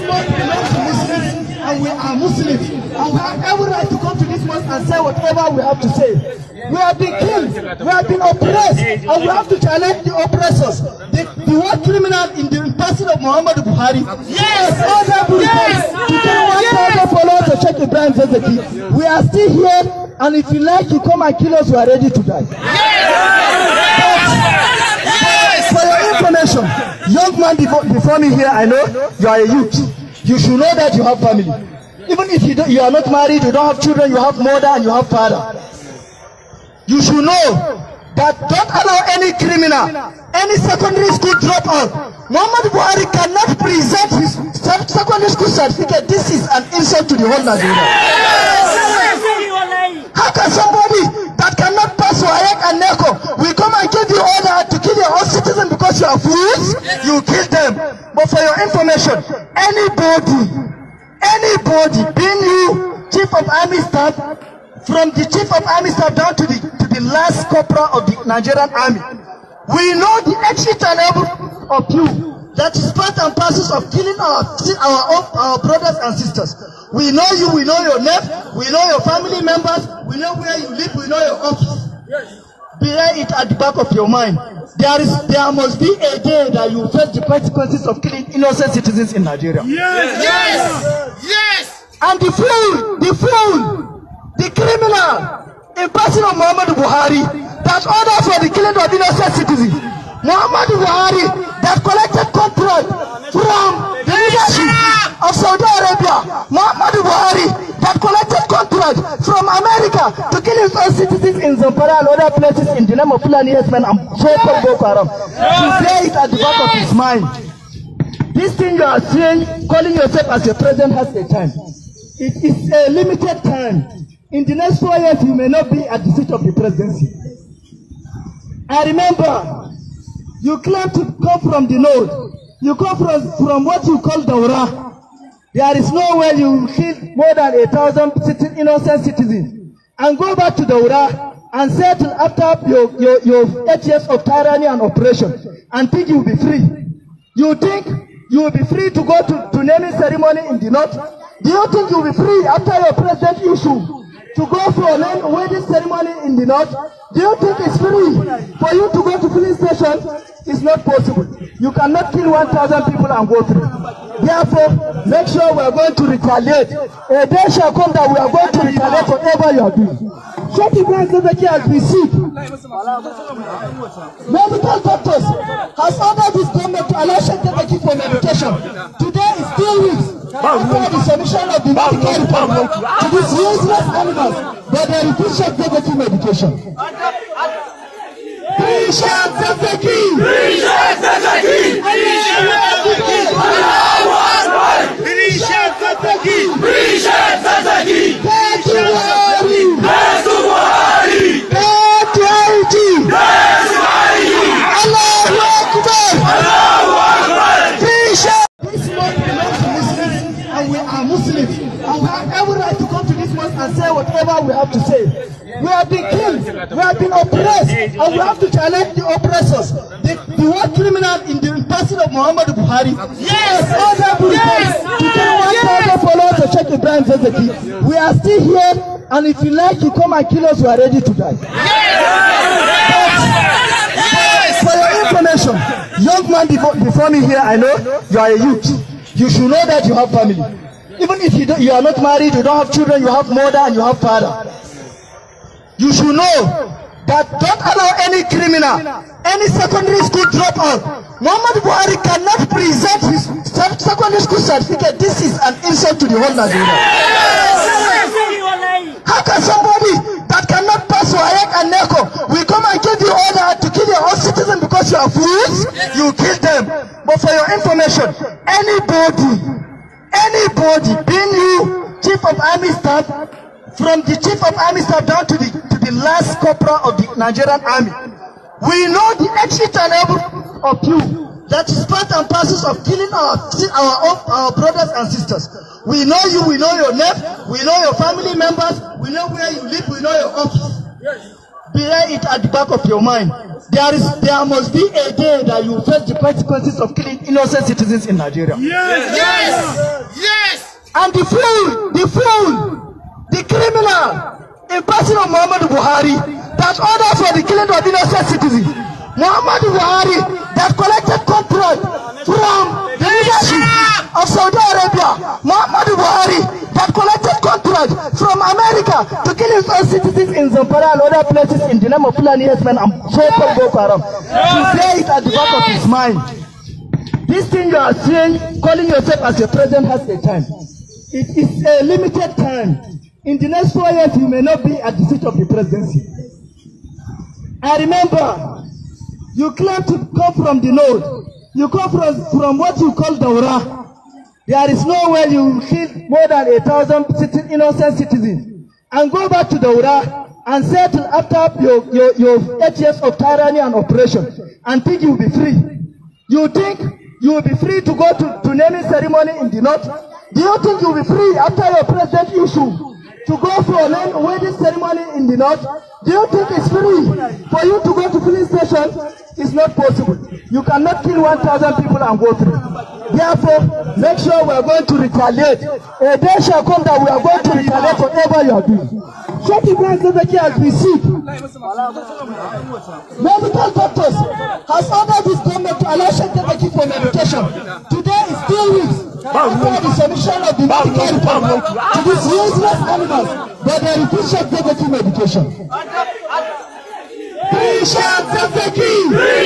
this month belongs to Muslims and we are Muslims. And we have every right to come to this mosque and say whatever we have to say. We have been killed, we have been oppressed, and we have to challenge the oppressors. The, the war criminal in the person of Muhammad Buhari yes. has ordered yes. to kill Yes. followers of Sheikh Ibrahim Zezeki. We are still here, and if you like, you come and kill us, we are ready to die. Yes. Yes. young man before, before me here, I know you are a youth. You should know that you have family. Even if you, do, you are not married, you don't have children, you have mother and you have father. You should know that don't allow any criminal, any secondary school dropout. Muhammad Buhari cannot present his secondary school certificate. This is an insult to the whole Nigeria. How can somebody that cannot pass Wayek and Neko will come and are fools, you kill them. But for your information, anybody, anybody, being you chief of army staff, from the chief of army staff down to the to the last corporal of the Nigerian army, we know the exit and of you that is part and parcel of killing our our own, our brothers and sisters. We know you, we know your name, we know your family members, we know where you live, we know your office. Yes bear it at the back of your mind. There is, there must be a day that you face the consequences of killing innocent citizens in Nigeria. Yes. Yes. Yes. And the fool, the fool, the criminal, in person of Muhammadu Buhari, that orders for the killing of innocent citizens. Muhammadu Buhari that collected control from the leadership of Saudi Arabia. Muhammadu Buhari that collected control transferred from America to kill his own citizens in Zamfara and other places in the name of Fulani Hesman and so-called Boko Haram. To say it at the back of his mind. This thing you are saying, calling yourself as your president has a time. It is a limited time. In the next four years, you may not be at the seat of the presidency. I remember you claim to come from the north. You come from, from what you call Daura. There is no way you will kill more than a thousand innocent citizens and go back to Daura and settle after your, your, your eight years of tyranny and oppression and think you will be free. You think you will be free to go to, to naming ceremony in the north? Do you think you will be free after your president issue? to go for a wedding ceremony in the north, do you think it's free for you to go to filling station? It's not possible. You cannot kill 1,000 people and go through. Therefore, make sure we are going to retaliate. A day shall come that we are going to retaliate whatever you are doing. Shorty the Zebeki has been sick. Medical doctors has ordered this government to allow Shorty Zebeki for medication to God the solution of the medical reform to these useless animals by the reduction of poverty medication. Bishop Sefeki! We have been oppressed and we have to challenge the oppressors. The, the word criminal in the person of Muhammad Buhari yes. has other yes. to gain 1,000 followers of Sheikh Ibrahim Zezeki. We are still here and if you like you come and kill us we are ready to die. Yes. Yes. But, yes. For your information, young man before, before me here, I know you are a youth. You should know that you have family. Even if you, do, you are not married, you don't have children, you have mother and you have father you should know that don't allow any criminal, any secondary school dropout. Muhammad Buhari cannot present his secondary school certificate. This is an insult to the whole Nigeria. How can somebody that cannot pass WAEC and NECO will come and give you order to kill your own citizen because you are fools? You kill them. But for your information, anybody, anybody, being you, chief of army staff, from the chief of army staff down to the to the last corporal of the Nigerian army. We know the exit and every of you that is part and parcel of killing our our own, our brothers and sisters. We know you, we know your name, we know your family members, we know where you live, we know your office. Yes. Bear it at the back of your mind. There is there must be a day that you face the consequences of killing innocent citizens in Nigeria. Yes. Yes. Yes. yes. And the fool, the fool the criminal in person of Muhammadu Buhari that orders for the killing of innocent citizens. Muhammadu Buhari that collected contract from the leadership of Saudi Arabia. Muhammadu Buhari that collected contract from America to kill his own citizens in Zamfara and other places in the name of Fulani Hesman and so Boko Haram. To say it at the back of his mind. This thing you are saying, calling yourself as your president has a time. It is a limited time in the next four years you may not be at the seat of the presidency. I remember you claim to come from the north. You come from, from what you call Daura. There is no way you kill more than a thousand citizen, innocent citizens and go back to Daura and settle after your, your, your eight years of tyranny and oppression and think you'll be free. You think you will be free to go to, to naming ceremony in the north? Do you think you will be free after your president issue? to go for a wedding ceremony in the north, do you think it's free for you to go to filling station? It's not possible. You cannot kill 1,000 people and go through. Therefore, make sure we are going to retaliate. A day shall come that we are going to retaliate for whatever you are doing. Shorty Brian Zebeki has been sick. Medical doctors has ordered this government to allow Shorty Zebeki for medication. Today is still weeks distribution of the medical reform to these useless animals but they refuse to take medication. Bishop Tafeki!